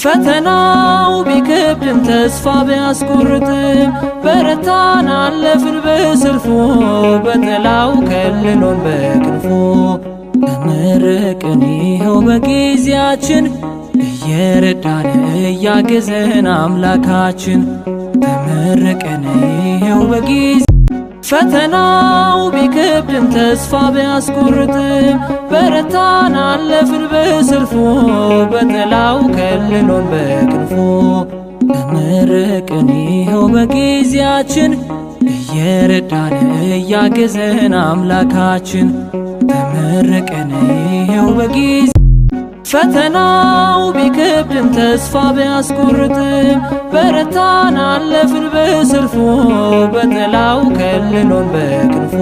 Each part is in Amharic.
ፈተናው ቢከብድም ተስፋ ቢያስቆርጥም በረታን አለፍን በሰልፉ በጥላው ከልሎን በክንፉ ተመረቅን ይኸው በጊዜያችን እየረዳን እያገዘን አምላካችን ተመረቅን ይኸው በጊዜ ፈተናው ቢከብድም ተስፋ ቢያስቆርጥም በረታን አለፍን በሰልፉ በጥላው ከልሎን በክንፎ መረቅን ይኸው በጊዜያችን እየረዳን እያገዘን አምላካችን ተመረቀን ይኸው በጊዜ ፈተናው ቢከብድም ተስፋ ቢያስቆርጥም በረታን አለፍን በሰልፉ በጥላው ከልሎን በክንፎ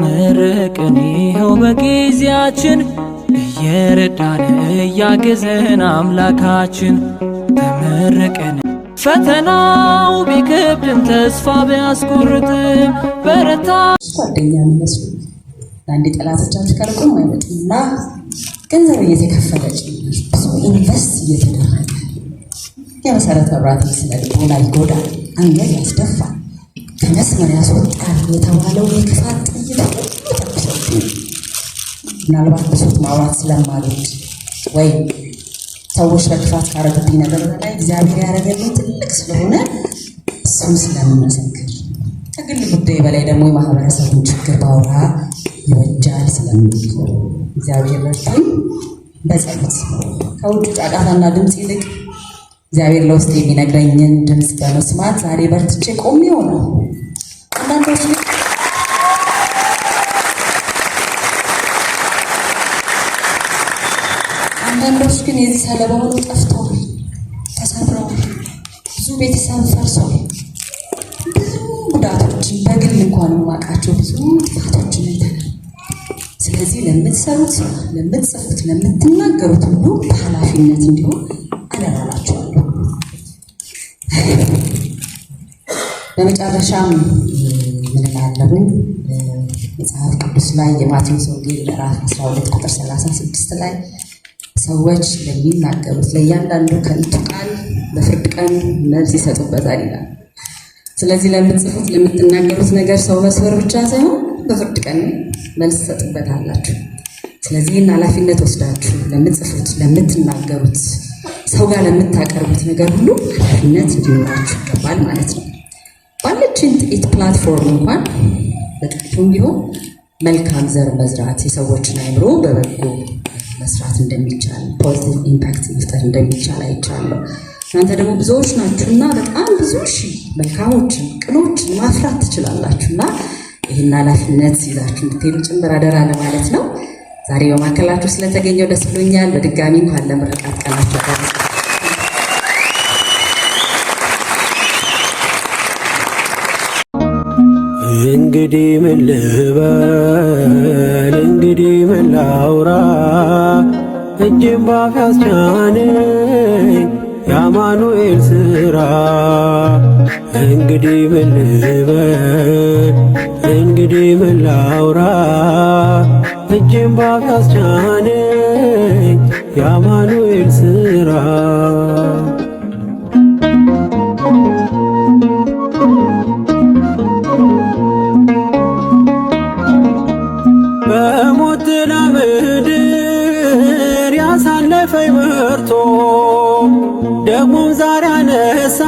መመረቅን ይኸው በጊዜያችን እየረዳን እያገዘን አምላካችን ተመረቀን። ፈተናው ቢከብድም ተስፋ ቢያስቆርጥም በረታ ጓደኛ መስሉ ለአንድ ጠላቶቻች ከርቁም አይመጡምና ገንዘብ እየተከፈለ ጭምር ብዙ ኢንቨስት እየተደረገ የመሰረተ መብራት ስለ ልቦና ይጎዳል፣ አንገት ያስደፋል፣ ከመስመር ያስወጣል የተባለው የክፋት ጥይት ምናልባት ብሶት ማውራት ስለማልወድ ወይም ሰዎች ለክፋት ካረጉብኝ ነገር በላይ እግዚአብሔር ያደረገልኝ ትልቅ ስለሆነ እሱም ስለምመሰግን ከግል ጉዳይ በላይ ደግሞ የማህበረሰቡን ችግር ባውራ ይበጃል ስለሚል እግዚአብሔር ረድቶኝ በጸሎት ከውጭ ጫጫታና ድምፅ ይልቅ እግዚአብሔር ለውስጥ የሚነግረኝን ድምፅ በመስማት ዛሬ በርትቼ ቆሜ ሆነ። አንዳንዶች አንዳንዶች ግን የዚህ ሰለባ ሆነው ጠፍተዋል፣ ተሰብረዋል፣ ብዙ ቤተሰብ ፈርሰዋል። ጉዳቶችን በግል እንኳን ማውቃቸው ብዙ ጥፋቶችን አይተናል። ስለዚህ ለምትሰሩት ስራ፣ ለምትጽፉት፣ ለምትናገሩት ሁሉ በኃላፊነት እንዲሆን አደራላችኋለሁ። በመጨረሻም ምንላለሁ መጽሐፍ ቅዱስ ላይ የማቴዎስ ወንጌል ምዕራፍ 12 ቁጥር 36 ላይ ሰዎች ለሚናገሩት ለእያንዳንዱ ከንቱ ቃል በፍርድ ቀን መልስ ይሰጡበታል ይላል። ስለዚህ ለምትጽፉት ለምትናገሩት ነገር ሰው መስበር ብቻ ሳይሆን በፍርድ ቀን መልስ ትሰጥበታላችሁ። ስለዚህ ይህን ኃላፊነት ወስዳችሁ ለምትጽፉት፣ ለምትናገሩት፣ ሰው ጋር ለምታቀርቡት ነገር ሁሉ ኃላፊነት እንዲኖራችሁ ይገባል ማለት ነው። ባለችን ጥቂት ፕላትፎርም እንኳን በጥቂቱም ቢሆን መልካም ዘር መዝራት የሰዎችን አይምሮ በበጎ መስራት እንደሚቻል ፖዚቲቭ ኢምፓክት መፍጠር እንደሚቻል አይቻለሁ። እናንተ ደግሞ ብዙዎች ናችሁ እና በጣም ብዙዎች መልካሞችን ቅኖችን ማፍራት ትችላላችሁ እና ይህን ኃላፊነት ይዛችሁ እንድትሄዱ ጭምር አደራ ለማለት ነው። ዛሬ በማከላችሁ ስለተገኘው ደስ ብሎኛል። በድጋሚ እንኳን ለምርቃት ቀናችሁ እንግዲህ ምን ልበል እንግዲህ ምን ላውራ እጅም ባፍ ያስቻነኝ የአማኑኤል ስራ እንግዲህ ምን ልበል እንግዲህ ምን ላውራ እጅም ባፍ ያስቻነኝ የአማኑኤል ስራ በሞት ለምድር ያሳለፈኝ መርቶ ደግሞ ዛሬ አነሳ